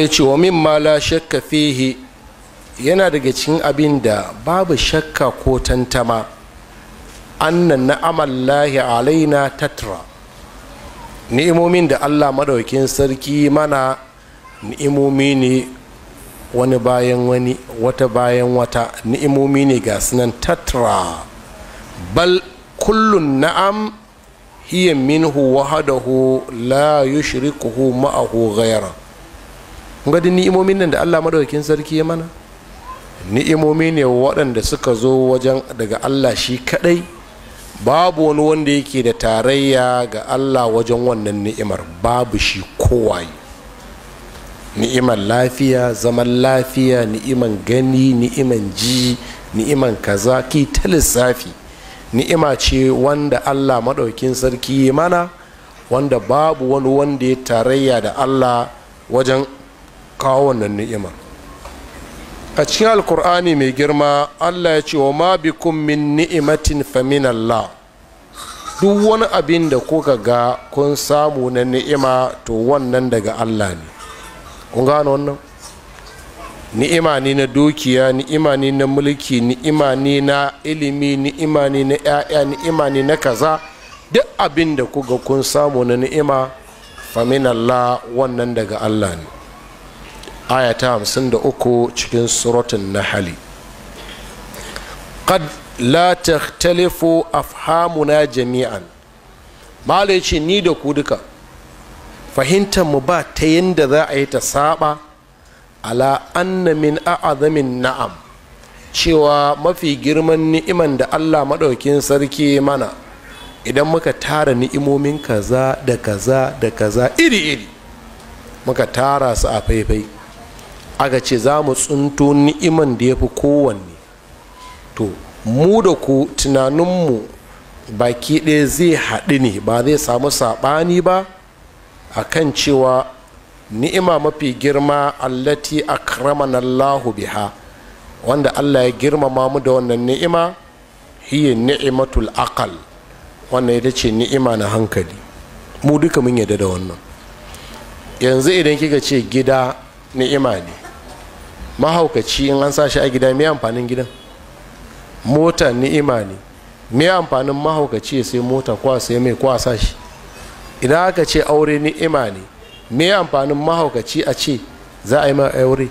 ya ce wa min la shakka fihi yana daga cikin abin da babu shakka ko tantama annan na'amallahi alaina tatra ni'imomin da allah madaukin sarki mana ni'imomi ne wani bayan wani wata bayan wata ni'imomi ne ga sunan tatra bal kullun na'am hiya minhu wahadahu la yushrikuhu ma'ahu ghayra kun ga ni'imomin nan da Allah madaukakin sarki ya mana ni'imomi ne waɗanda suka zo wajen daga Allah shi kaɗai babu wani wanda yake da tarayya ga Allah wajen wannan ni'imar babu shi kowaye ni'imar lafiya zaman lafiya ni'iman gani ni'iman ji ni'iman kaza ki ta lissafi ni'ima ce wanda allah maɗaukin sarki mana wanda babu wani wanda ya tarayya da allah wajen kawo wannan ni'ima a cikin alkur'ani mai girma allah ya ce wa ma bikum min ni'imatin famin allah duk wani abin da kuka ga kun samu na ni'ima to wannan daga allah ne kun gano wannan ni'ima ne na dukiya ni'ima ne na mulki ni'ima ne na ilimi ni'ima ne na 'ya'ya ni'ima ne na kaza duk abin da kuka kun samu na ni'ima famin allah wannan daga allah ne Ayata hamsin da uku cikin suratun hali. qad la takhtalifu afhamuna jami'an malaci ce ni da ku duka fahimtar mu ba ta yadda za a yi ta saba ala anna min a'azamin na'am cewa mafi girman ni'iman da Allah maɗaukin sarki mana idan muka tara ni'imomin kaza da kaza da kaza iri-iri muka tara su a faifai aka ce za mu tsunto ni'iman da ya fi kowanne to mu da ku tunaninmu baki ɗaya zai haɗu ne ba zai samu saɓani ba a kan cewa ni'ima mafi girma allati akramana Allahu biha wanda Allah ya girmama mu da wannan ni'ima hiye ni'imatul aqal wannan ita ce ni'ima na hankali mu duka mun yadda da wannan yanzu idan kika ce gida ni'ima ne mahaukaci in an sa shi a gida me amfanin gidan mota ni'ima ne me amfanin mahaukaci sai mota kwa sai mai kwa sa shi idan aka ce aure ni'ima ne me amfanin mahaukaci a ce za a yi ma aure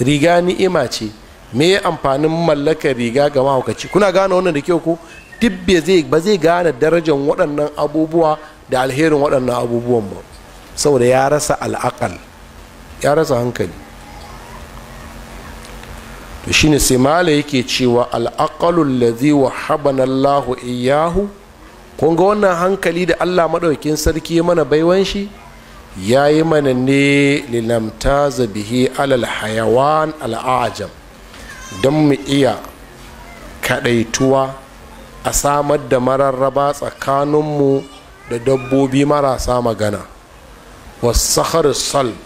riga ni'ima ce me amfanin mallakar riga ga mahaukaci kuna gane wannan da kyau ko duk ba zai gane darajar waɗannan abubuwa da alherin waɗannan abubuwan ba saboda ya rasa al'akal ya rasa hankali to shine sai mala yake cewa al'aqalul ladhi habana Allahu iyyahu kun ga wannan hankali da Allah maɗaukin sarki mana baiwan shi yayi mana ne lilamtaza bihi alal hayawan al'ajam don mu iya kadaituwa a samar da mararraba tsakaninmu da dabbobi marasa magana wasu salb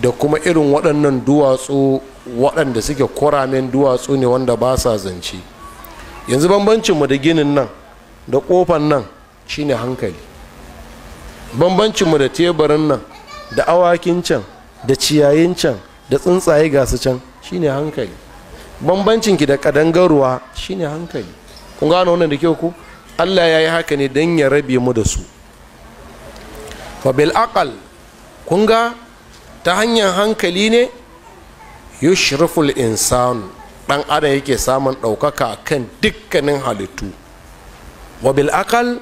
da kuma irin waɗannan duwatsu waɗanda suke kuramen duwatsu ne wanda ba sa zance yanzu bambancinmu da ginin nan da ƙofan nan shine hankali bambancinmu da teburin nan da awakin can da ciyayin can da tsuntsaye gasu can shine hankali bambancinki da ƙadangarwa shine hankali kun gano wannan da kyau ku allah ya yi haka ne don ya rabe mu da su fabil aqal kun ga ta hanyar hankali ne yushriful insan dan adam yake samun ɗaukaka kan dukkanin halittu wabil akal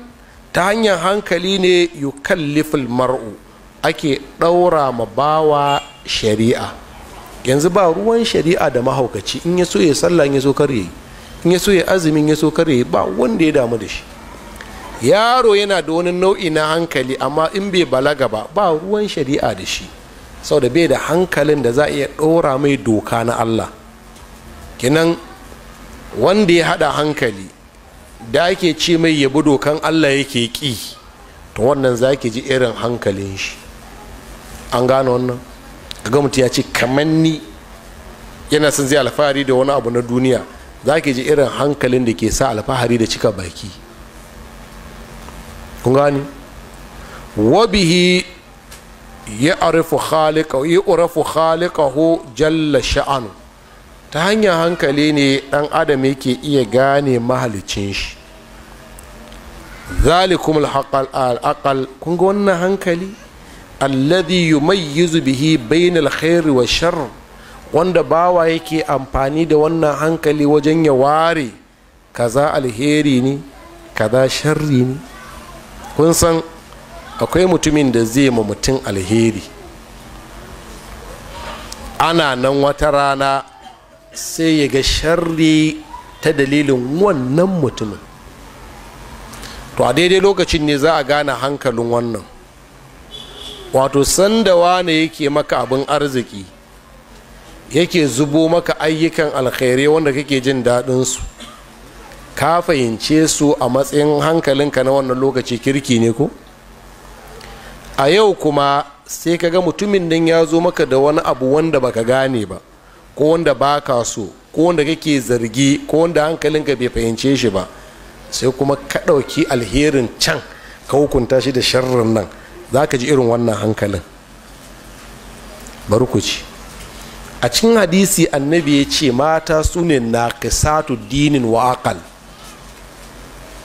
ta hanyar hankali ne yukalliful mar'u ake ɗaura ma bawa shari'a yanzu ba ruwan shari'a da mahaukaci in ya so ya sallah ya so karye in ya so ya azumin ya so karye ba wanda ya damu da shi yaro yana da wani nau'i na hankali amma in bai balaga ba ba ruwan shari'a da shi sau da bai da hankalin da za a iya ɗora mai doka na allah kinan wanda ya haɗa hankali da ake ce mai yabi dokan allah yake ƙi to wannan za ki ji irin hankalin shi an gane wannan ga mutum ya ce kamar ni yana son zai alfahari da wani abu na duniya za ki ji irin hankalin da ke sa alfahari da cika baki kun gani wabihi ya'rifu khaliqa khaliqahu jalla sha'anu ta hanyar hankali ne dan adam yake iya gane mahalicin shi zalikum al-aqal kun ga wannan hankali alladhi yumayyizu bihi bainal khair wa sharr wanda bawa yake amfani da wannan hankali wajen ya ware kaza alheri ne kaza sharri ne kun san akwai mutumin da zai ma mutum alheri ana nan wata rana sai ya ga sharri ta dalilin wannan mutumin to a daidai lokacin ne za a gane hankalin wannan wato sanda wane yake maka abin arziki yake zubo maka ayyukan alkhairai wanda kake jin daɗinsu ka fahimce su a matsayin hankalinka na wannan lokaci kirki ne ko a yau kuma sai ka ga mutumin nan ya zo maka da wani abu wanda baka gane ba ko wanda baka so ko wanda kake zargi ko wanda hankalinka bai fahimce shi ba sai kuma ka ɗauki alherin can ka hukunta shi da sharrin nan za ka ji irin wannan hankalin bari a cikin hadisi annabi ya ce mata su ne na dinin wa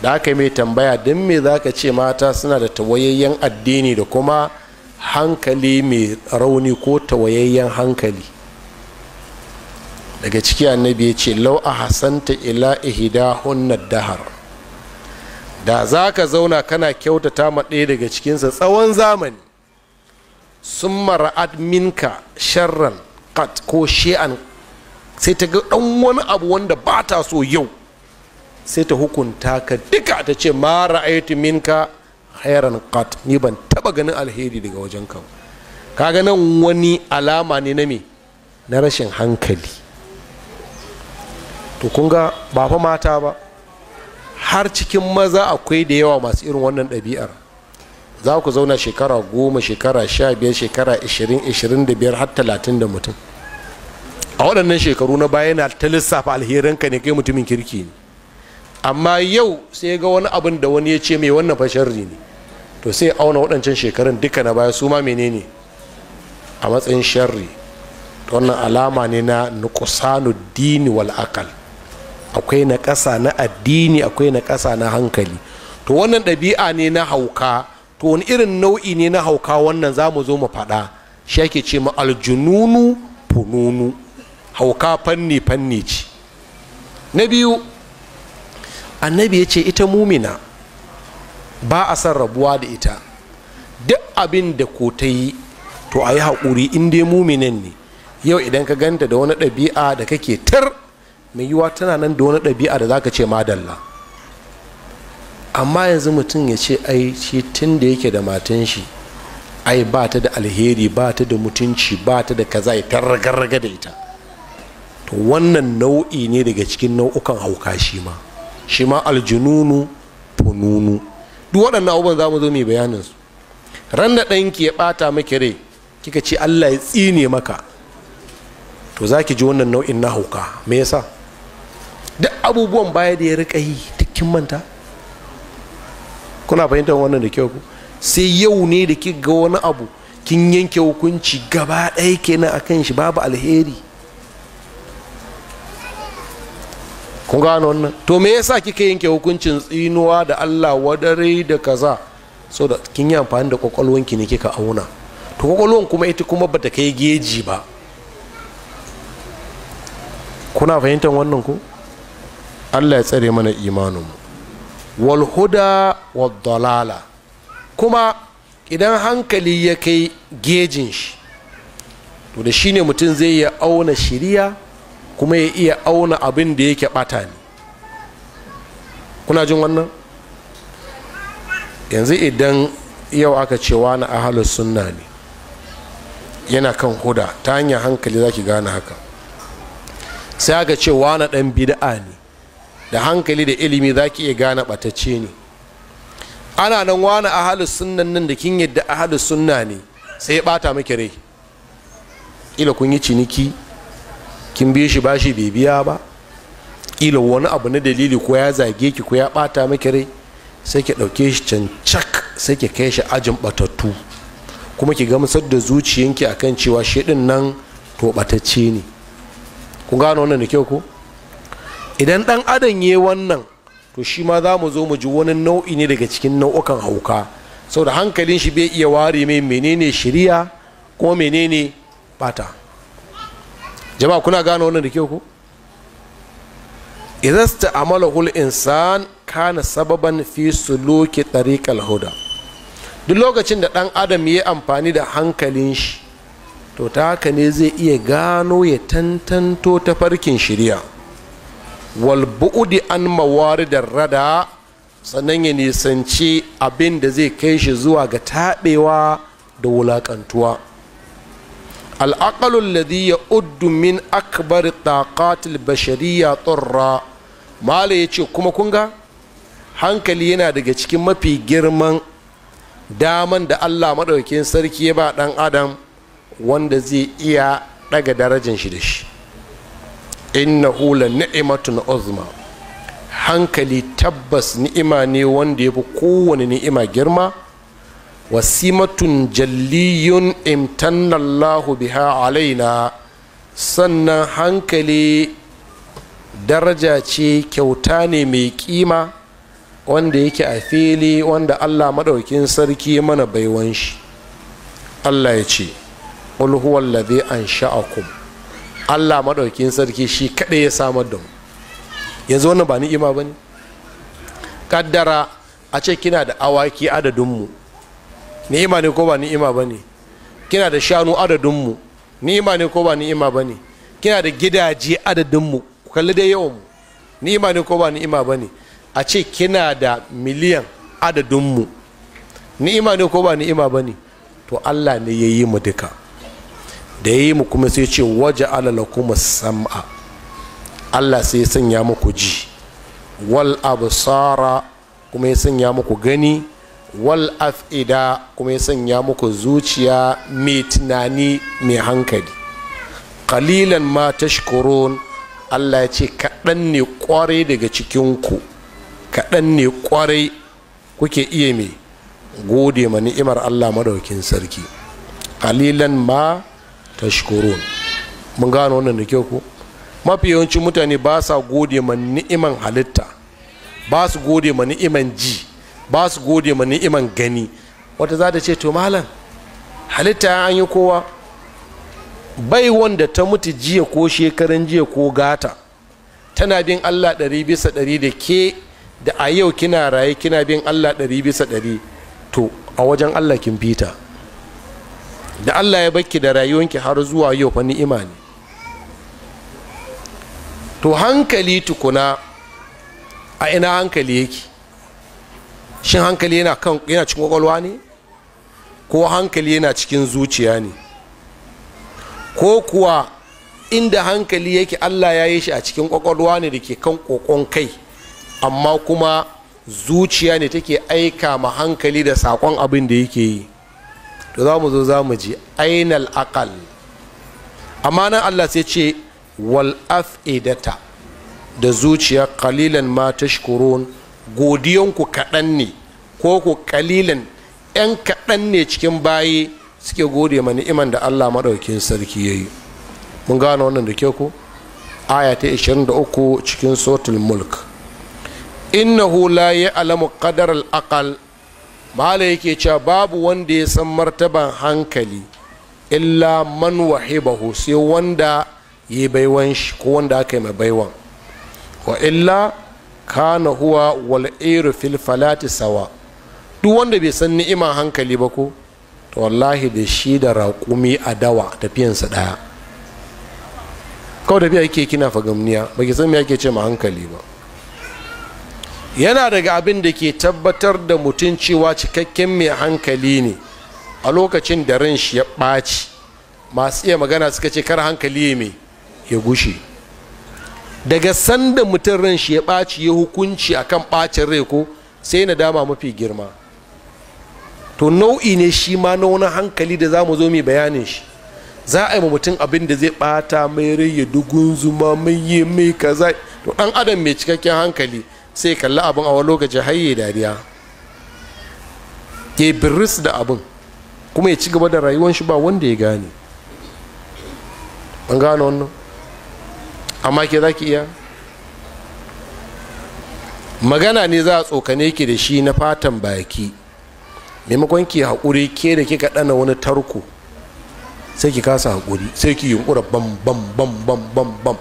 da aka mai tambaya don me za ka ce mata suna da tawayayyen addini da kuma hankali mai rauni ko tawayayyen hankali daga ciki annabi ya ce lau a hasanta ila ihida hunnar dahar da za ka zauna kana kyautata ma ɗaya daga cikinsa tsawon zamani sun mara adminka, sharran kat ko she'an sai ta ga ɗan wani abu wanda ba ta so yau sai ta hukunta ka duka ta ce ma ra'aytu minka khairan qat ni ban taba ganin alheri daga wajen ka kaga nan wani alama ne na me na rashin hankali to kun ga ba fa mata ba har cikin maza akwai da yawa masu irin wannan ɗabi'ar za ku zauna shekara goma shekara sha biyar shekara ishirin ishirin da biyar har talatin da mutum a waɗannan shekaru na baya na ta lissafa alherinka ne kai mutumin kirki ne amma yau sai ga wani abin da wani ya ce mai wannan fasharri ne to sai auna waɗancan shekarun duka na baya su ma menene a matsayin sharri to wannan alama ne na nukusanu dini wal akal akwai na ƙasa na addini akwai na ƙasa na hankali to wannan ɗabi'a ne na hauka to wani irin nau'i ne na hauka wannan za mu zo mu faɗa shi ake ce ma aljununu fununu hauka fanni fanni ce na biyu annabi ya ce ita mumina ba a san rabuwa da ita duk abin da ko ta yi to a yi haƙuri in dai muminan ne yau idan ka ganta da wani ɗabi'a da kake tar mai yiwa tana nan da wani ɗabi'a da zaka ce madalla amma yanzu mutum ya ce ai shi tun da yake da matan shi ai ba ta da alheri ba ta da mutunci ba ta da kaza ya tarraga da ita to wannan nau'i ne daga cikin nau'ukan hauka shi ma shi ma aljununu fununu duk waɗannan abubuwan za mu zo mai bayanin su ran da ɗanki ya ɓata maki rai kika ce allah ya tsine maka to za ki ji wannan nau'in na hauka me yasa duk abubuwan baya da ya rika yi kin manta kuna fahimtar wannan da kyau ku sai yau ne da kika ga wani abu kin yanke hukunci gaba ɗaya kenan akan shi babu alheri kun gano wannan to me yasa kika yanke hukuncin tsinuwa da Allah wadare da kaza so da kin yi amfani da kwakwalwanki ne kika auna to kwakwalwan kuma ita kuma bata kai geji ba kuna fahimtar wannan ku Allah ya tsare mana mu wal huda wad dalala kuma idan hankali ya kai gejin shi to da shine mutum zai ya auna shiriya kuma ya iya auna abin da yake bata ne kuna jin wannan yanzu idan yau aka ce wani ahalus sunna ne yana kan huda ta hanyar hankali za gane haka sai aka ce wani ɗan bid'a ne da hankali da ilimi za ki iya gane batace ne ana nan wani ahalus nan da kin yadda ahalus sunna ne sai ya bata miki rai ila kun yi ciniki kin bi shi bashi bai biya ba kila wani abu na dalili ko ya zage ki ko ya ɓata miki rai sai ki dauke shi cancak sai ki kai shi ajin batattu kuma ki gamsar da zuciyanki akan cewa din nan to ɓatacce ne ku gano wannan da kyau ko idan ɗan adam yi wannan to shi ma za mu zo mu ji wani nau'i ne daga cikin nau'ukan hauka saboda hankalin shi bai iya ware mai menene shiriya ko menene bata jama'a kuna gano wannan da kyau ku idan ta amala hul insan kana sababan fi suluki tariqal huda duk lokacin da dan adam ya amfani da hankalin shi to ta haka ne zai iya gano ya tantanto ta farkin shirya wal bu'udi an mawaridar rada sannan ya nisanci abin da zai kai shi zuwa ga taɓewa da wulaƙantuwa al'aqalu alladhi ya'uddu min akbar taqatil bashariyya Malam ya ce kuma kunga hankali yana daga cikin mafi girman daman da Allah maɗaukin sarki ya ba ɗan adam wanda zai iya ɗaga darajar shi da shi innahu la ni'matun uzma hankali tabbas ni'ima ne wanda ya fi kowane ni'ima girma wasimatun jalliyun imtannallahu biha alaina sannan hankali daraja ce kyauta ne mai kima wanda yake a fili wanda allah maɗaukin sarki mana baiwan shi allah ya ce ulhuwallazi an sha'akum allah maɗaukin sarki shi kaɗai ya samar da mu yanzu wannan ba ni'ima ba ne ƙaddara a ce kina da awaki adadinmu ni'ima ne ko ba ni'ima ba ne kina da shanu adadinmu ni'ima ne ko ba ni'ima ba ne kina da gidaje adadinmu ku kalli dai yawanmu ni'ima ne ko ba ni'ima ba ne a ce kina da miliyan adadinmu ni'ima ne ko ba ni'ima ba ne to allah ne ya yi mu duka da ya yi mu kuma sai ce waje alala kuma sam'a allah sai ya sanya muku ji wal absara kuma ya sanya muku gani wal af'ida kuma ya sanya muku zuciya mai tunani mai hankali kalilan ma tashkurun Allah ya ce kaɗan ne kwarai daga cikinku kaɗan ne kwarai kuke iya mai gode ma ni'imar Allah madaukin sarki kalilan ma tashkurun mun gano wannan da kyau ko mafi yawancin mutane ba sa gode ma ni'iman halitta ba su gode ma ni'iman ji ba su gode ma ni'iman gani wata za ta ce to malam halitta an yi kowa bai wanda ta mutu jiya ko shekaran jiya ko gata tana bin allah ɗari bisa ɗari da ke da a yau kina raye kina bin allah ɗari bisa ɗari to a wajen allah kin fita da allah ya baki da rayuwanki har zuwa yau fa ni'ima ne to hankali tukuna a ina hankali yake shin hankali yana kan yana cikin kwakwalwa ne ko hankali yana cikin zuciya ne ko kuwa inda hankali yake allah ya yi shi a cikin kwakwalwa ne da ke kan kokon kai amma kuma zuciya ne take aika ma hankali da sakon abin da yake yi to za mu zo za mu ji ainal akal amma nan allah sai ce wal af'idata da zuciya kalilan ma tashkurun ku kaɗan ne ko ku kalilan 'yan kaɗan ne cikin bayi suke gode ma ni'iman da allah maɗaukin sarki ya yi mun gane wannan da ke ku aya ta 23 cikin sotul mulk innahu la ya'lamu qadar al-aqal mala yake cewa babu wanda ya san martaban hankali illa man wahibahu sai wanda ya yi baiwan shi ko wanda aka yi mai baiwan wa illa kana huwa wal iru fil falati sawa duk wanda bai san ni'iman hankali ba ko to wallahi da shi da raƙumi a dawa tafiyansa ɗaya kawai tafiya yake kina fagamniya ba ki san me yake ce ma hankali ba yana daga abin da ke tabbatar da mutum cewa cikakken mai hankali ne a lokacin da ran shi ya ɓaci masu iya magana suka ce kar hankali ya mai ya gushe daga sanda mutum ran shi ya ɓaci ya hukunci a kan ɓacin rai ko sai na dama mafi girma to nau'i ne shi ma na wani hankali da za mu zo mai bayanin shi za a yi ma mutum abin da zai ɓata mai rai ya dugun zuma mai yi mai kaza to ɗan adam mai cikakken hankali sai kalli abin a wani lokaci har ya dariya ya birris da abin kuma ya ci gaba da rayuwar shi ba wanda ya gane an gane wannan amma ke za ki iya magana ne za a tsokane ki da shi na fatan baki maimakon ki haƙuri ke da kika ɗana wani tarko sai ki kasa haƙuri sai ki yunƙura bam bam bam bam bam bam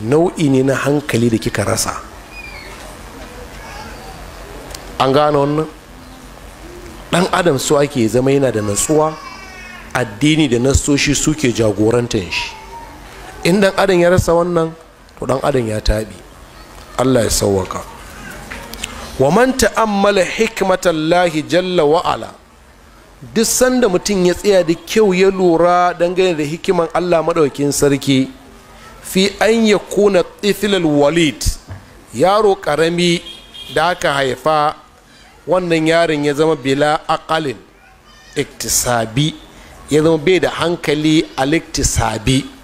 nau'i ne na hankali da kika rasa an gane wannan ɗan adam su ake zama yana da natsuwa addini da nasoshi suke jagorantar shi in dan adam ya rasa wannan to dan adam ya taɓi allah ya sauwaka wa man ta'ammala hikmatallahi jalla wa'ala duk sanda mutum ya tsaya da kyau ya lura dangane da hikiman allah maɗaukin sarki fi an ya kuna tifilal walid yaro ƙarami da aka haifa wannan yaron ya zama bila aƙalin iktisabi ya zama bai da hankali a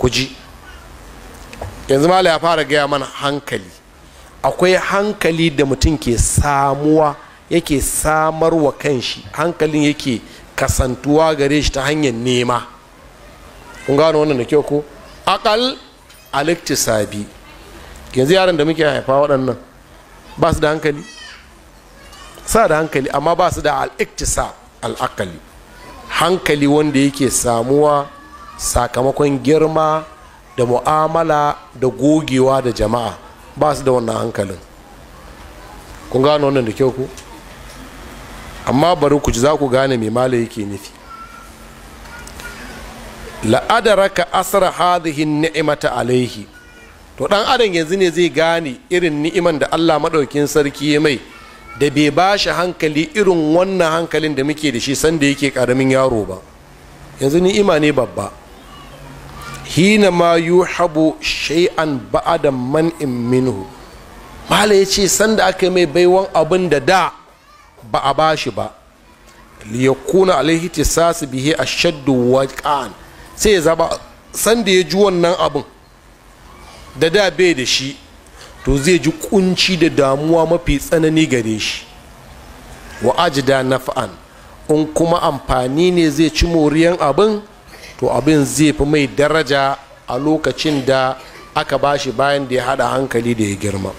kuji yanzu mala ya fara gaya mana hankali akwai hankali da mutum ke samuwa yake samarwa kanshi hankalin yake kasantuwa gare shi ta hanyar nema kun gano wannan da kyau ko akal aliktisabi yanzu yaran da muke haifa waɗannan ba su da hankali sa da hankali amma ba su da al'iktisa al'akali hankali wanda yake samuwa sakamakon girma da mu'amala da gogewa da jama'a ba su da wannan hankalin kun gano wannan da kyau ku amma bari ku ji za ku gane mai mala yake nufi la'adaraka asara hadihin ni'imata alaihi to dan adam yanzu ne zai gane irin ni'iman da Allah maɗaukin sarki ya mai da bai ba shi hankali irin wannan hankalin da muke da shi sanda yake karamin yaro ba yanzu ni'ima ne babba hina ma habu shay'an man in minhu mala ya ce sanda aka mai baiwan abin da da ba a bashi ba liyakuna alaihi a bihi wa ka'an sai ya zaba sanda ya ji wannan abin da da bai da shi to zai ji kunci da damuwa mafi tsanani gare shi wa na naf'an in kuma amfani ne zai ci moriyan abin to abin zai fi mai daraja a lokacin da aka bashi bayan da ya hada hankali da ya girma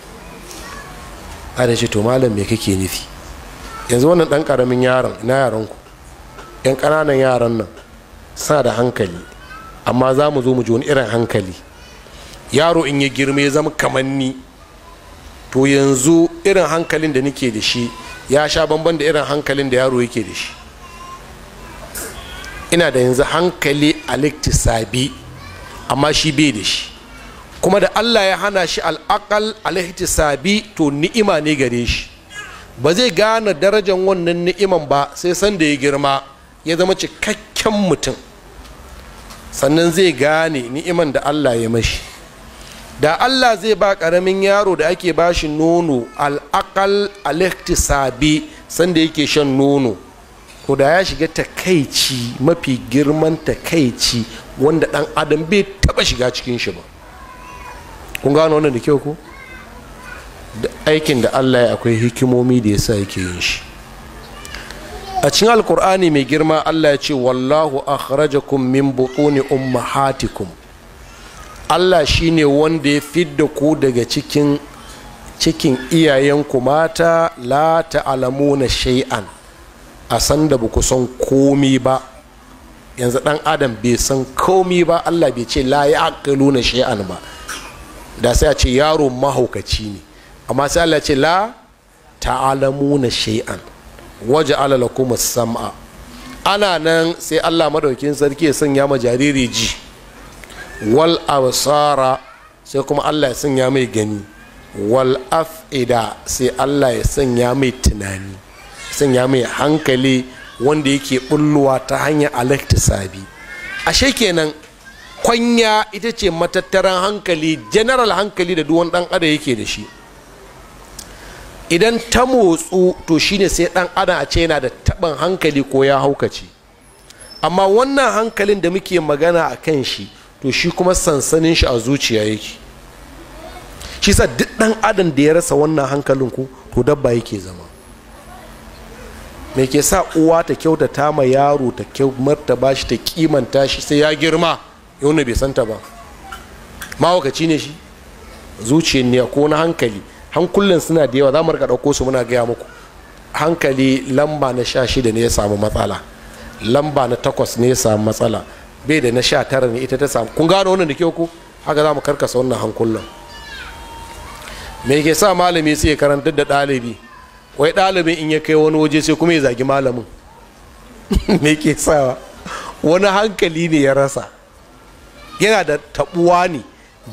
da shi to malam me kake nufi yanzu wannan dan karamin yaron na yaron ku yan kananan yaran nan suna da hankali amma za mu zo mu ji wani irin hankali yaro in ya girma ya zama kamanni to yanzu irin hankalin da nake da shi ya sha bamban da irin hankalin da yaro yake da shi ina da yanzu hankali aliktisabi amma shi bai da shi kuma da allah ya hana shi al'akal aliktisabi to ni'ima ne gare shi ba zai gane darajar wannan ni'iman ba sai sanda ya girma ya zama cikakken mutum sannan zai gane ni'iman da allah ya mashi da allah zai ba karamin yaro da ake ba shi nono al'akal aliktisabi sanda yake shan nono Kuda da ya shiga takaici mafi girman takaici wanda dan adam bai taba shiga cikin shi ba kun gano wannan da kyau ko da aikin da allah ya akwai hikimomi da ya sa yake yin shi a cikin alkur'ani mai girma allah ya ce wallahu akhrajakum min butuni ummahatikum allah shine wanda ya da ku daga cikin cikin iyayenku mata la ta'lamuna shai'an. a san da ku san komi ba yanzu dan adam bai san komi ba allah bai ce la ya aqilu na shi'an ba da sai a ce yaro mahaukaci ne amma sai allah ce la ta'alamu na shi'an waje alala kuma sam'a ana nan sai allah madaukin sarki ya sanya ma jariri ji wal absara sai kuma allah ya sanya mai gani wal af'ida sai allah ya sanya mai tunani sanya mai hankali wanda yake bulluwa ta hanyar sabi a shekenan kwanya ita ce matattaran hankali general hankali da duwan dan ada yake da shi idan ta motsu to shine sai dan adam a ce yana da taban hankali ko ya haukace amma wannan hankalin da muke magana a kan shi to shi kuma sansanin shi a zuciya yake shi sa duk dan adam da ya rasa wannan hankalin ku to dabba yake zama me ke sa uwa ta kyautata ma yaro ta kyau martaba shi ta kimanta shi sai ya girma yau eh, bai santa ba mawakaci ne shi zuciyar ne ko na hankali hankulin suna da yawa za mu ɗauko su muna gaya muku hankali lamba na sha shida ne ya samu matsala lamba na takwas ne ya samu matsala bai da na sha tara ne ita ta samu kun gano wannan da kyau ko haka za mu karkasa wannan hankulin me ke sa malami sai ya karanta da ɗalibi wai ɗalibin in ya kai wani waje sai kuma ya zagi malamin me ke sawa wani hankali ne ya rasa yana da tabuwa ne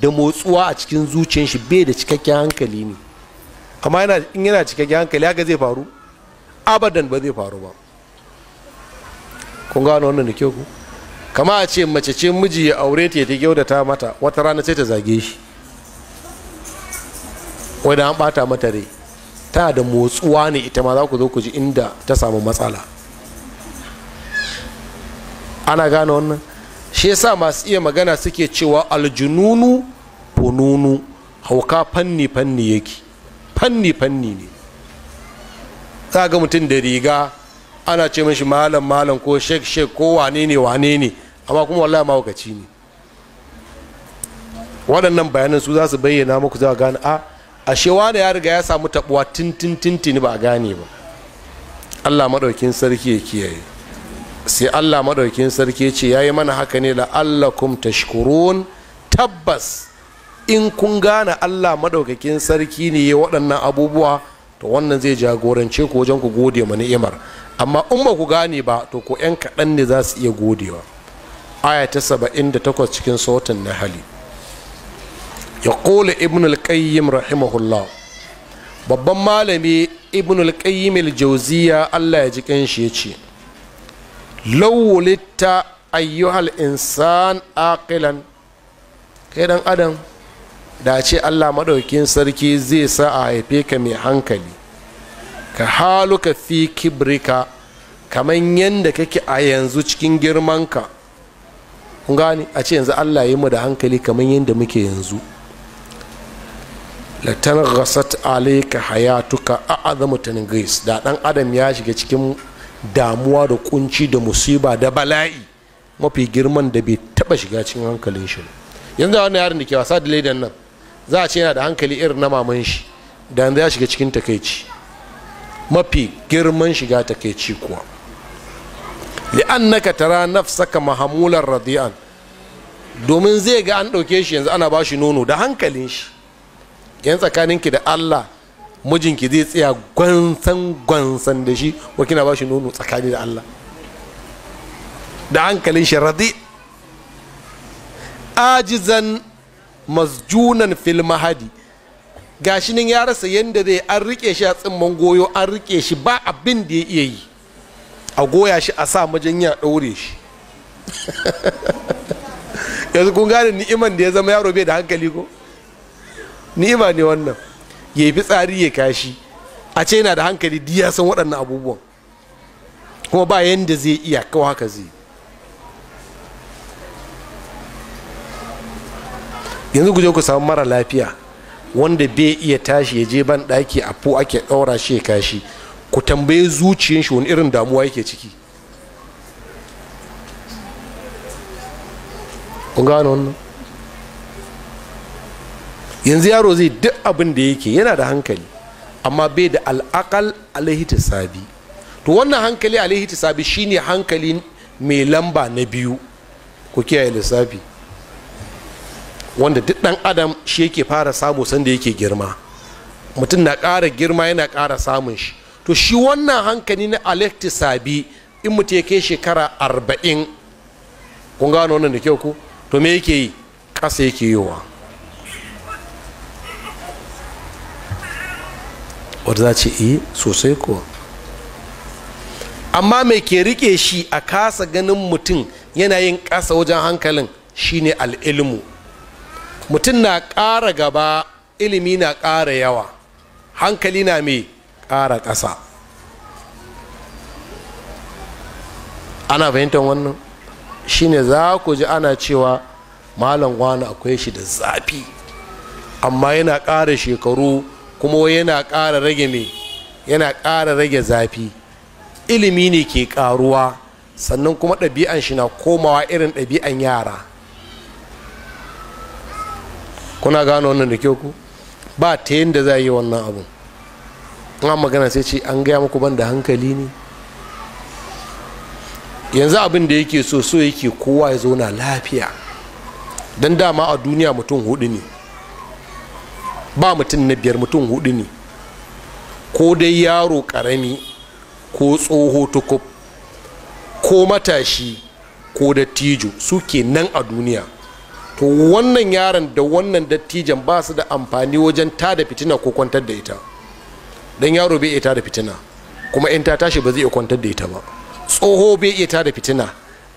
da motsuwa a cikin zuciyar shi bai da cikakken hankali ne amma in yana cikakken hankali haka zai faru abadan ba zai faru ba kun gano wannan da kyau ku kama a ce mace ce miji ya aure ta ta ta mata wata rana sai ta zage shi wadda an bata mata rai ta da motsuwa ne ita ma za ku zo ku ji inda ta samu matsala ana gane wannan shi yasa masu iya magana suke cewa aljununu fununu hauka fanni fanni yake fanni fanni ne za ga mutum da riga ana ce mashi malam malam ko shek shek ko wane ne wane ne amma kuma wallahi mawakaci ne waɗannan bayanan su za su bayyana muku za gane a ah, ashe wani ya riga ya samu tabuwa tintintinti ba a gane ba allah maɗaukin sarki ya kiyaye sai allah maɗaukin sarki ce ya yi mana haka ne la'allakum tashkurun tabbas in kun gane allah maɗaukakin sarki ne ya waɗannan abubuwa to wannan zai jagorance ku wajen ku gode ma ni'imar amma in ba ku gane ba to ko 'yan kaɗan ne za su iya godewa aya ta 78 cikin sautin na hali ya kola ibn al-qayyim rahimahullah babban malami ibn al-qayyim al-jauziya allah ya ji kanshi ya ce lawulitta ayyuhal insan aqilan kai dan adam da ce allah maɗaukin sarki zai sa a haife ka mai hankali ka haluka fi kibrika kamar yadda kake a yanzu cikin girmanka kun a ce yanzu allah ya yi mu da hankali kamar yadda muke yanzu latan rasat alaika hayatuka a azama da dan adam ya shiga cikin damuwa da kunci da musiba da bala'i mafi girman da bai taba shiga cikin hankalin shi yanzu wannan yarin da ke wasa da ledan nan za a ce yana da hankali irin na maman shi da yanzu ya shiga cikin takaici mafi girman shiga takaici kuwa li'annaka tara nafsaka mahamular radiyan domin zai ga an dauke shi yanzu ana ba shi nono da hankalin shi yan tsakaninki da allah mijinki zai tsaya gwansan gwansan da shi wa kina ba shi nono tsakani da allah da hankalin shi radi ajizan masjunan fil mahadi gashi nan ya rasa yadda zai an rike shi a tsimman goyo an rike shi ba abin da ya iya yi a goya shi a sa majin ya ɗaure shi yanzu kun gane ni'iman da ya zama yaro bai da hankali ko Ni ne wannan ya yi tsari ya kashi a ce yana da hankali diya san waɗannan abubuwan kuma ba yadda zai iya kawo haka zai yanzu ku ku samu mara lafiya wanda bai iya tashi ya je ban ɗaki a fo ake ɗaura shi ya kashi ku tambaye zuciyar shi wani irin damuwa yake ciki wannan yanzu yaro zai duk abin da yake yana da hankali amma bai da al'akal alaihita tisabi to wannan hankali alaihita tisabi shine hankali mai lamba na biyu ku kiyaye lissafi wanda duk dan adam shi yake fara samu sanda yake girma mutum na ƙara girma yana ƙara samun shi to shi wannan hankali na sabi in mutum ya kai shekara arba'in kun gano wannan da kyau ku to me yake yi ƙasa yake yiwa wadda za ce yi eh, sosai ko amma mai ke rike shi a kasa ganin mutum yanayin kasa wajen hankalin shine al'ilmu mutum na ƙara gaba ilimi na ƙara yawa hankali na mai ƙara ƙasa ana fahimtar wannan shine za ku ji ana cewa malam wani akwai shi da zafi amma yana ƙara shekaru kuma yana ƙara rage me yana ƙara rage zafi ilimi ne ke ƙaruwa sannan kuma ɗabi'an shi na komawa irin ɗabi'an yara kuna gano wannan da kyau ku ba ta yadda za a yi wannan abun an magana sai ce an gaya muku ban da hankali ne yanzu abin da yake so so yake kowa ya zauna lafiya don dama a duniya mutum hudu ne ba mutum na biyar mutum hudu ne ko dai yaro karami ko tsoho tukub ko matashi ko dattijo suke nan a duniya to wannan yaron da wannan dattijan ba su da amfani wajen ta da fitina ko kwantar da ita don yaro bai iya ta da fitina kuma in ta tashi ba zai iya kwantar da ita ba tsoho bai iya ta da fitina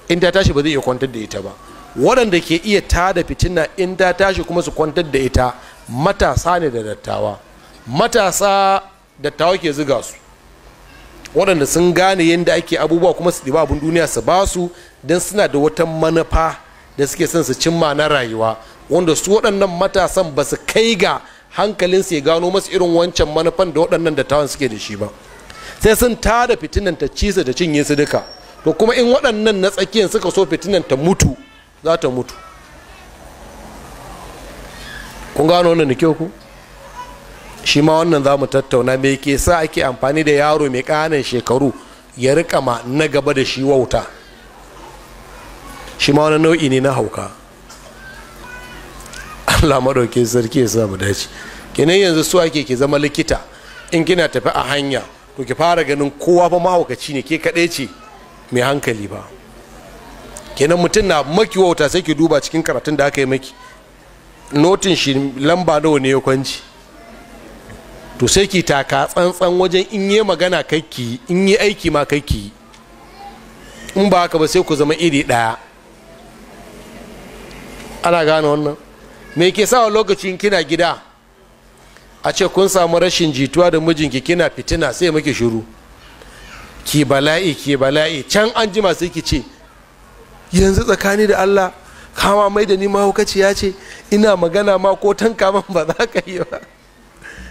in ta tashi ba zai iya kwantar da ita ba waɗanda ke iya ta da fitina in ta tashi kuma su kwantar da ita matasa ne da dattawa matasa dattawa ke ziga su waɗanda sun gane yadda ake abubuwa kuma su ɗiba abin duniya su ba su don suna da wata manufa da suke son su cimma na rayuwa wanda su waɗannan matasan ba su kai ga hankalin su ya gano masu irin wancan manufan da waɗannan dattawan suke da shi ba sai sun tara fitinan ta ci su da cinye su duka to kuma in waɗannan na tsakiyar suka so fitinan ta mutu za ta mutu kun gano wannan da kyau ku shi ma wannan za mu tattauna me ke sa ake amfani da yaro mai ƙananan shekaru ya rika ma na gaba da shi wauta shi ma wani nau'i ne na hauka allah maɗauki sarki ya sa mu dace kenan yanzu su ake ke zama likita in kina tafi a hanya to ki fara ganin kowa ba mahaukaci ne ke kaɗai ce mai hankali ba kenan mutum na maki wauta sai ki duba cikin karatun da aka yi maki notin shi lamba nawa ne ya kwanci to sai ki taka tsantsan wajen in yi magana kakki in yi aiki ma kakki in ba haka ba sai ku zama iri ɗaya ana gane wannan me ke sawa lokacin kina gida a ce kun samu rashin jituwa da mijinki kina fitina sai muke shiru ki bala'i ki bala'i can an ji sai ki ce yanzu tsakani da allah kama mai da ni mahaukaciya ce ina magana ma ko tanka man ba za ka yi ba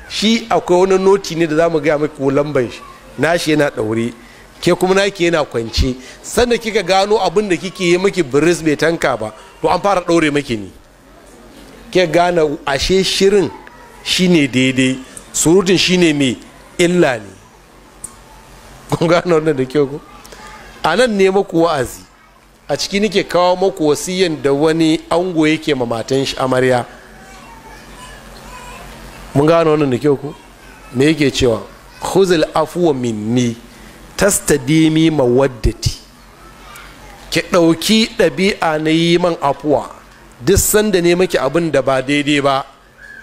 shi akwai wani noti ne da za mu gaya ko lamban shi na shi yana ɗaure ke kuma na ke yana kwance sanda kika gano abin da kike yi maki biris bai tanka ba to an fara ɗaure maki ne ke gane ashe shirin shine daidai surutun shine mai illa ne kun gano wannan da kyau ku a nan ne maku wa'azi a ciki nike kawo maku wasiyan da wani ango yake ma matan shi amarya mun gano wannan da kyau ku me yake cewa khuzul afwa minni tastadimi mawaddati ki ɗauki ɗabi'a na yi man afuwa duk sanda ne maki abin da ba daidai ba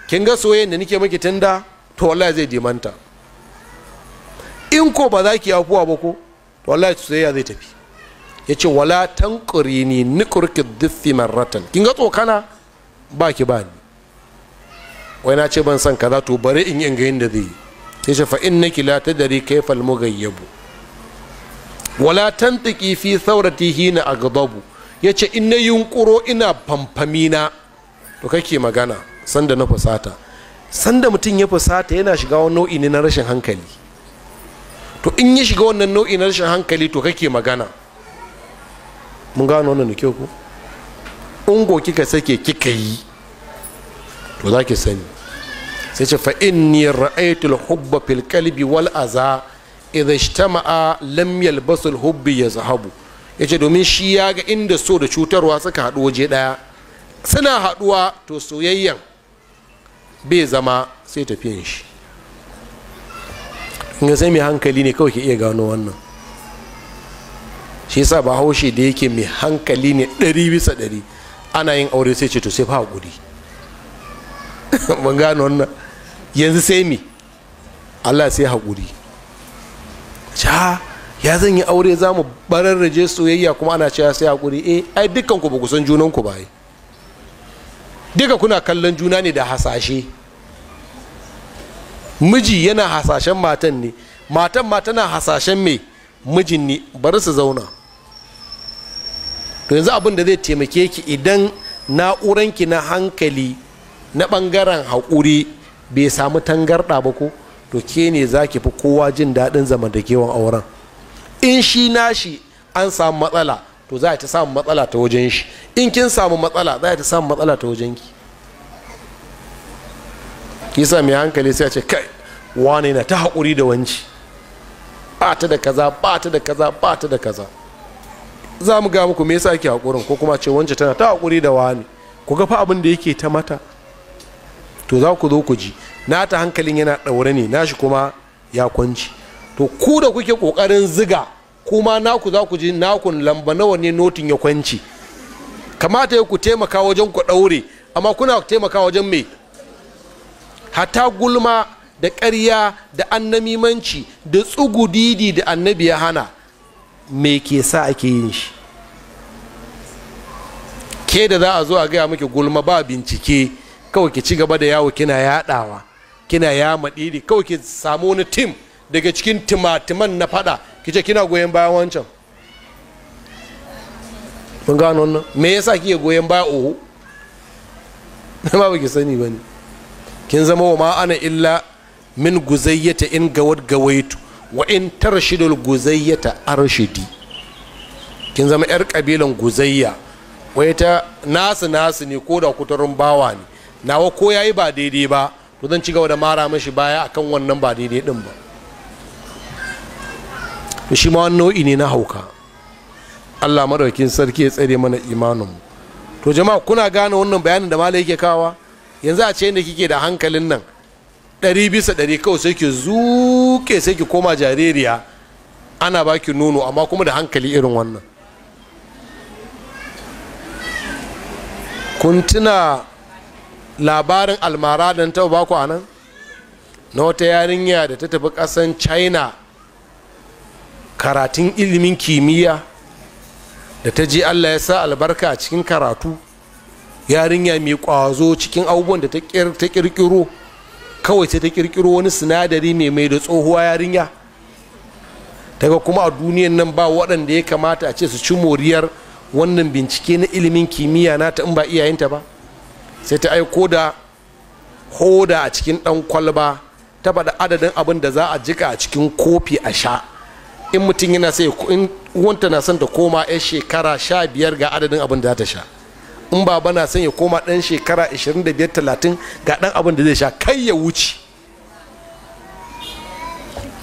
kin ga soyayyen da nake miki tunda to wallahi zai dimanta in ko ba za ki afuwa ba ko to wallahi soyayya zai tafi ya ce wala tankuri ni nukurki duffi marratan kin ga tsokana ba ki ba ni wai na ce ban san ka za to bari in yin gayin da zai yi sai ce fa innaki la tadri kayfa ga mugayyabu wala tantiki fi saurati hina ya yace in na yunkuro ina famfamina to kake magana sanda na fusata sanda mutum ya fusata yana shiga wani nau'i na rashin hankali to in ya shiga wannan nau'i na rashin hankali to kake magana mun gano wannan da kyau ku ungo kika sake kika yi to za ki sani sai ce fa inni ra'aytul hubba fil qalbi wal aza idza ijtama'a lam yalbasul hubbi yazhabu yace domin shi ya ga inda so da cutarwa suka haɗu waje ɗaya suna haɗuwa to soyayyan bai zama sai tafiyan shi in sai mai hankali ne kawai ke iya gano wannan shi yasa ba haushe da yake mai hankali ne ɗari bisa ɗari ana yin aure sai ce to sai fa hakuri ban gano wannan yanzu sai mi Allah sai hakuri ha ya zan yi aure za mu bararraje soyayya kuma ana cewa sai hakuri eh ai dukkan ku ba ku san junan ku ba duka kuna kallon juna ne da hasashe miji yana hasashen matan ne matan ma tana hasashen mai mijin ne bari su zauna to yanzu abin da zai taimake ki idan na'uranki na hankali na ɓangaren haƙuri bai samu tangarɗa ba ko to ke ne za ki fi kowa jin daɗin zamantakewan auren in shi nashi an samu matsala to za ta samu matsala ta wajen shi in kin samu matsala za ta samu matsala ta wajen ki kisa mai hankali sai a ce kai wane na ta haƙuri da wanci ba ta da kaza ba ta da kaza ba ta da kaza za mu ga muku me yasa ake hakurin ko kuma ce wance tana ta hakuri da wani ku ga fa abin da yake ta mata to za ku zo ku ji na ta hankalin yana ɗaure ne nashi kuma ya kwanci to ku da kuke ƙoƙarin ziga kuma naku za ku ji nakun lamba nawa ne notin ya kwanci kamata ya ku taimaka wajen ku ɗaure amma kuna taimaka wajen me hata gulma da ƙarya da annamimanci da tsugu didi da annabi ya hana me ke sa ake yin shi ke da za a zo a gaya miki gulma ba bincike kawai ki ci gaba da yawo kina yadawa kina yama ɗiri kawai ki samu wani tim daga cikin timatiman na fada ki ce kina goyon bayan wancan mun gano wannan me yasa kike goyon baya oho ma ba ki sani bane kin zama wa ma ana illa min guzayyata in gawad gawaitu wa in tarshidul guzayyata arshidi kin zama yar kabilan guzayya wai ta nasu nasu ne ko da kuturin bawa ne nawa ko yayi ba daidai ba to zan ci gaba da mara mashi baya akan wannan ba daidai din ba shi ma wannan nau'i ne na hauka Allah madaukin sarki ya tsare mana imanin to jama'a kuna gane wannan bayanin da malai yake kawa yanzu a ce inda kike da hankalin nan ɗari bisa ɗari kawai sai ki zuke sai ki koma jaririya ana baki nono amma kuma da hankali irin wannan kun tuna labarin almara da ta baku a nan na wata yarinya da ta tafi ƙasan china karatun ilimin kimiyya da ta je allah ya sa albarka cikin karatu yarinya mai ƙwazo cikin abubuwan da ta ƙirƙiro kawai sai ta kirkiro wani sinadari ne mai da tsohuwa yarinya daga kuma a duniyan nan ba waɗanda ya kamata a ce su ci moriyar wannan bincike na ilimin kimiyya na ta in ba iyayenta ba sai ta aiko da hoda a cikin ɗan kwalba ta faɗa adadin abin da za a jika a cikin kofi a sha in mutum yana sai in wanta na son ta koma 'yan shekara sha biyar ga adadin abin da za ta sha in baba na son ya koma dan shekara 25-30 ga dan abin da zai sha kai ya wuce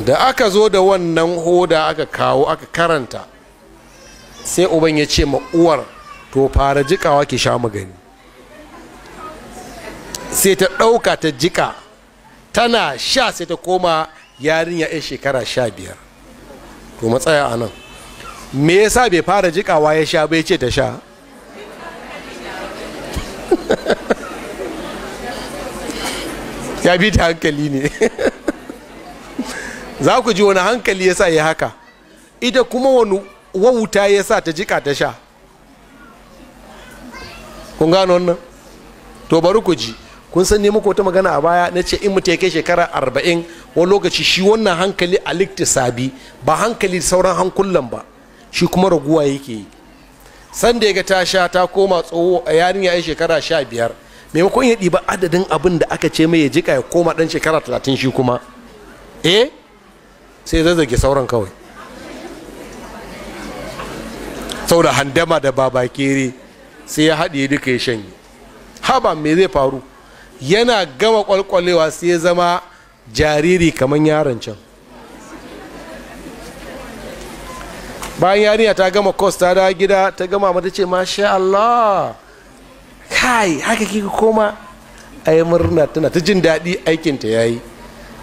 da aka zo da wannan hoda aka kawo aka karanta sai uban ya ce ma uwar to fara jikawa ki sha magani sai ta ɗauka ta jika tana sha sai ta koma yarinya 'yan shekara sha biyar to matsaya a nan me yasa bai fara jikawa ya sha bai ce ta sha ya bi ta hankali ne za ku ji wani hankali ya sa ya haka ita kuma wani wauta ya sa ta jika ta sha kun gano wannan to bari ku ji kun san muku wata magana a baya na ce in mutum ya kai shekara arba'in wani lokaci shi wannan hankali a sabi ba hankali sauran hankulan ba shi kuma raguwa yake yi sanda ya ga ta sha ta koma tsoho a yarinya ya yi shekara sha biyar maimakon ya ɗiba adadin abin da aka ce mai ya jika ya koma ɗan shekara talatin shi kuma eh sai zazzage sauran kawai sau da handama da babakere sai ya haɗe duka ya shanye haba me zai faru yana gama kwalkwalewa sai ya zama jariri kamar yaron can bayan yarinya ta gama kos ta dawo gida ta gama mata ce masha Allah kai haka kika koma ai murna tana ta jin daɗi aikin ta yayi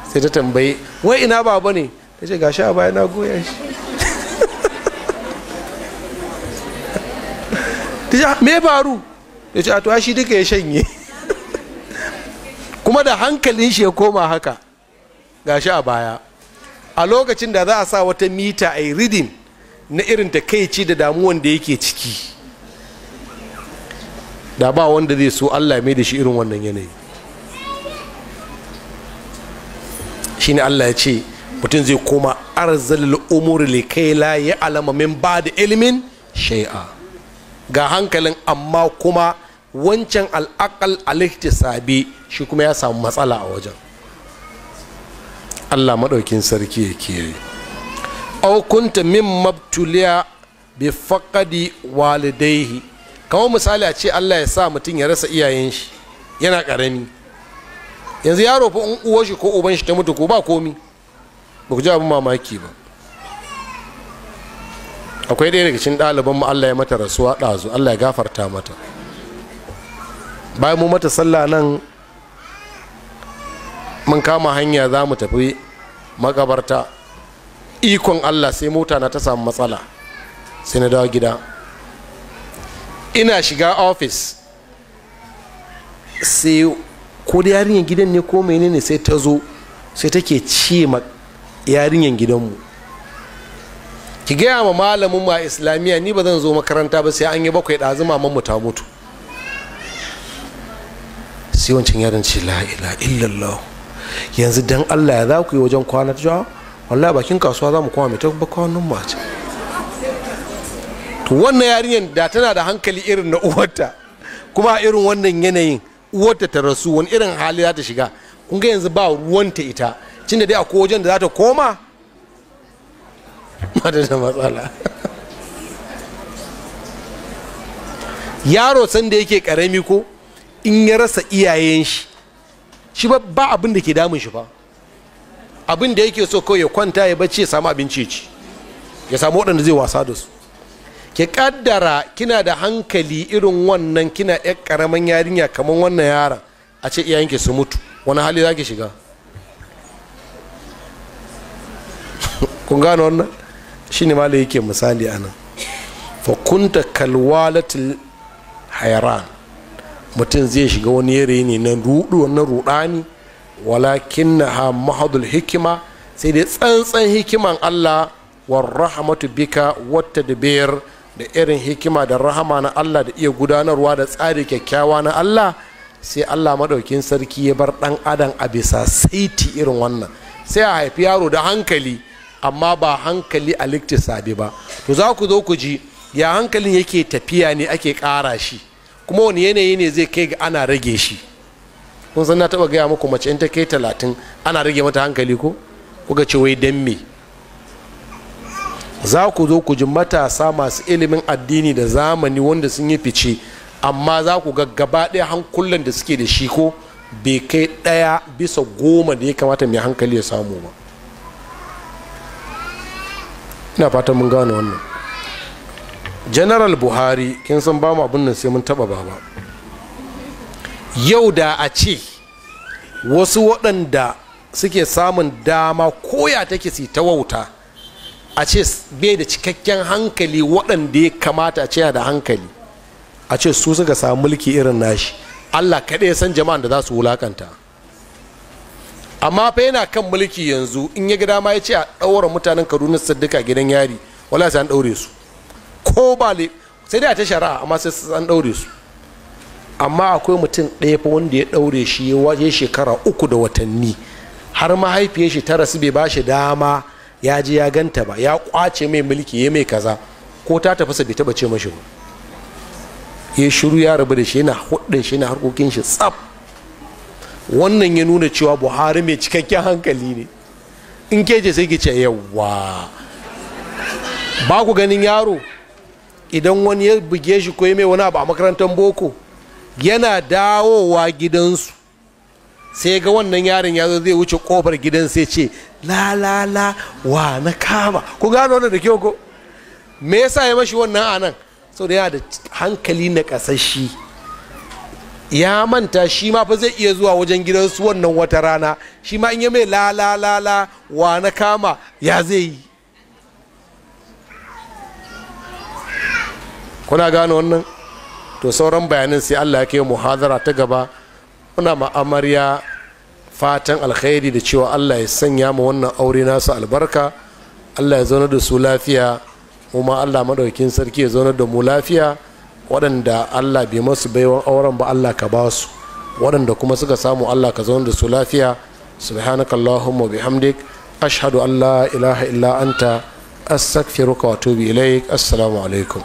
sai ta tambaye wai ina baba ne ta ce gashi a baya na goya shi ta ce ah, me faru ta ce a ah, to shi duka ya shanye kuma da hankalin shi ya koma haka gashi a baya a lokacin da za a sa wata mita a yi reading na irin takaici da damuwan da yake ciki da ba wanda zai so allah mai da shi irin wannan yanayi shine allah ya ce mutum zai koma arzalil umuri likaila ya alama min ba da ilimin shai'a ga hankalin amma kuma wancan al'akal sabi shi kuma ya samu matsala a wajen allah maɗaukin sarki ya kiyaye aw kunta min mabtuliya bi faqadi walidaihi kamar misali a ce Allah ya sa mutum ya rasa iyayen shi yana karami yanzu yaro fa in uwar shi ko uban shi ta mutu ko ba komi ba ku ji abin mamaki ba akwai ɗaya daga cikin ɗaliban mu Allah ya mata rasuwa ɗazu Allah ya gafarta mata bayan mu mata sallah nan mun kama hanya za mu tafi makabarta ikon allah sai mota na ta samu matsala sai na dawo gida ina shiga ofis sai ko da yarinyar gidan ne ko menene sai ta zo sai take ce ma yarinyar gidanmu ki gaya ma malamin ma islamiyya ni ba zan zo makaranta ba sai an yi bakwai ɗazuma mamanmu ta mutu sai wancan yarin ce la ila illallah yanzu dan allah ya za ku yi wajen kwana ta wallah bakin kasuwa za mu kuma mai ta bakwanin mu to wannan yarinyar da tana da hankali irin na uwarta kuma irin wannan yanayin uwarta ta rasu wani irin hali za ta shiga kun yanzu ba ruwanta ita cin da dai a wajen da za ta koma mata da matsala yaro san yake karami ko in ya rasa iyayen shi shi ba abin da ke damun shi ba abin da yake so kawai ya kwanta ya bacci ya samu abinci ci ya samu waɗanda zai wasa da su ki kaddara kina da hankali irin wannan kina yar karaman yarinya kamar wannan yara a ce iyayenki su mutu wani hali za ki shiga kun gane wannan shine malai yake misali a nan fa kunta kalwalatul hayran mutum zai shiga wani yare ne na rudu wannan rudani walakin ha mahadul hikima sai dai tsantsan hikiman Allah war rahmatu bika wata da biyar da irin hikima da rahama na Allah da iya gudanarwa da tsari kyakkyawa na Allah sai Allah madaukin sarki ya bar dan adam a bisa saiti irin wannan sai a haifi yaro da hankali amma ba hankali a liktisabi ba to za ku zo ku ji ya hankalin yake tafiya ne ake ƙara shi kuma wani yanayi ne zai kai ga ana rage shi kun san na taɓa gaya muku mace in ta kai talatin ana rage mata hankali ko kuka ce wai dan me za ku zo ku ji matasa masu ilimin addini da zamani wanda sun yi fice amma za ku ga gaba ɗaya hankulan da suke da shi ko bai kai ɗaya bisa goma da ya kamata mai hankali ya samu ba ina fatan mun gane wannan general buhari kin san ba mu abin nan sai mun taɓa baba yau da a ce wasu waɗanda suke samun dama koya take su ta wauta a ce bai da cikakken hankali waɗanda ya kamata a ce da hankali a ce su suka samu mulki irin nashi allah kaɗai ya san jama'an da za su wulakanta amma fa yana kan mulki yanzu in ya ga dama ya ce a ɗaura mutanen kaduna saddika gidan yari wala sai an ɗaure su ko ba sai dai a ta shari'a amma sai an ɗaure su amma akwai mutum ɗaya fa wanda ya ɗaure shi ya waje shekara uku da watanni har mahaifiyar shi ta rasu bai ba shi dama ya je ya ganta ba ya kwace mai mulki ya mai kaza ko ta tafi sa bai taba ce mashi ba ya shiru ya rabu da shi yana hudun shi yana harkokin shi tsaf wannan ya nuna cewa buhari mai cikakken hankali ne in keje sai ki ce yawa ba ku ganin yaro idan wani ya buge shi ko ya mai wani abu a makarantar boko yana dawowa gidansu sai ga wannan yaron ya zo zai wuce kofar gidan sai ce la la la wa na kama ku gano wannan da kyau ko me yasa ya mashi wannan anan da yana da hankali na kasashe ya manta shi ma fa zai iya zuwa wajen gidansu wannan wata rana shi ma in ya mai la la la la wa na kama ya zai yi kuna gano wannan to sauran bayanin sai allah ya kai muhadara ta gaba muna ma'amarya fatan alkhairi da cewa allah ya sanya ma wannan aure nasu albarka allah ya zauna da su lafiya kuma allah maɗaukin sarki ya zauna da mu lafiya waɗanda allah bai masu baiwan auren ba allah ka ba su waɗanda kuma suka samu allah ka zauna da su lafiya subhanaka allahumma bihamdik ashhadu an la ilaha illa anta astaghfiruka wa atubu ilaik assalamu alaikum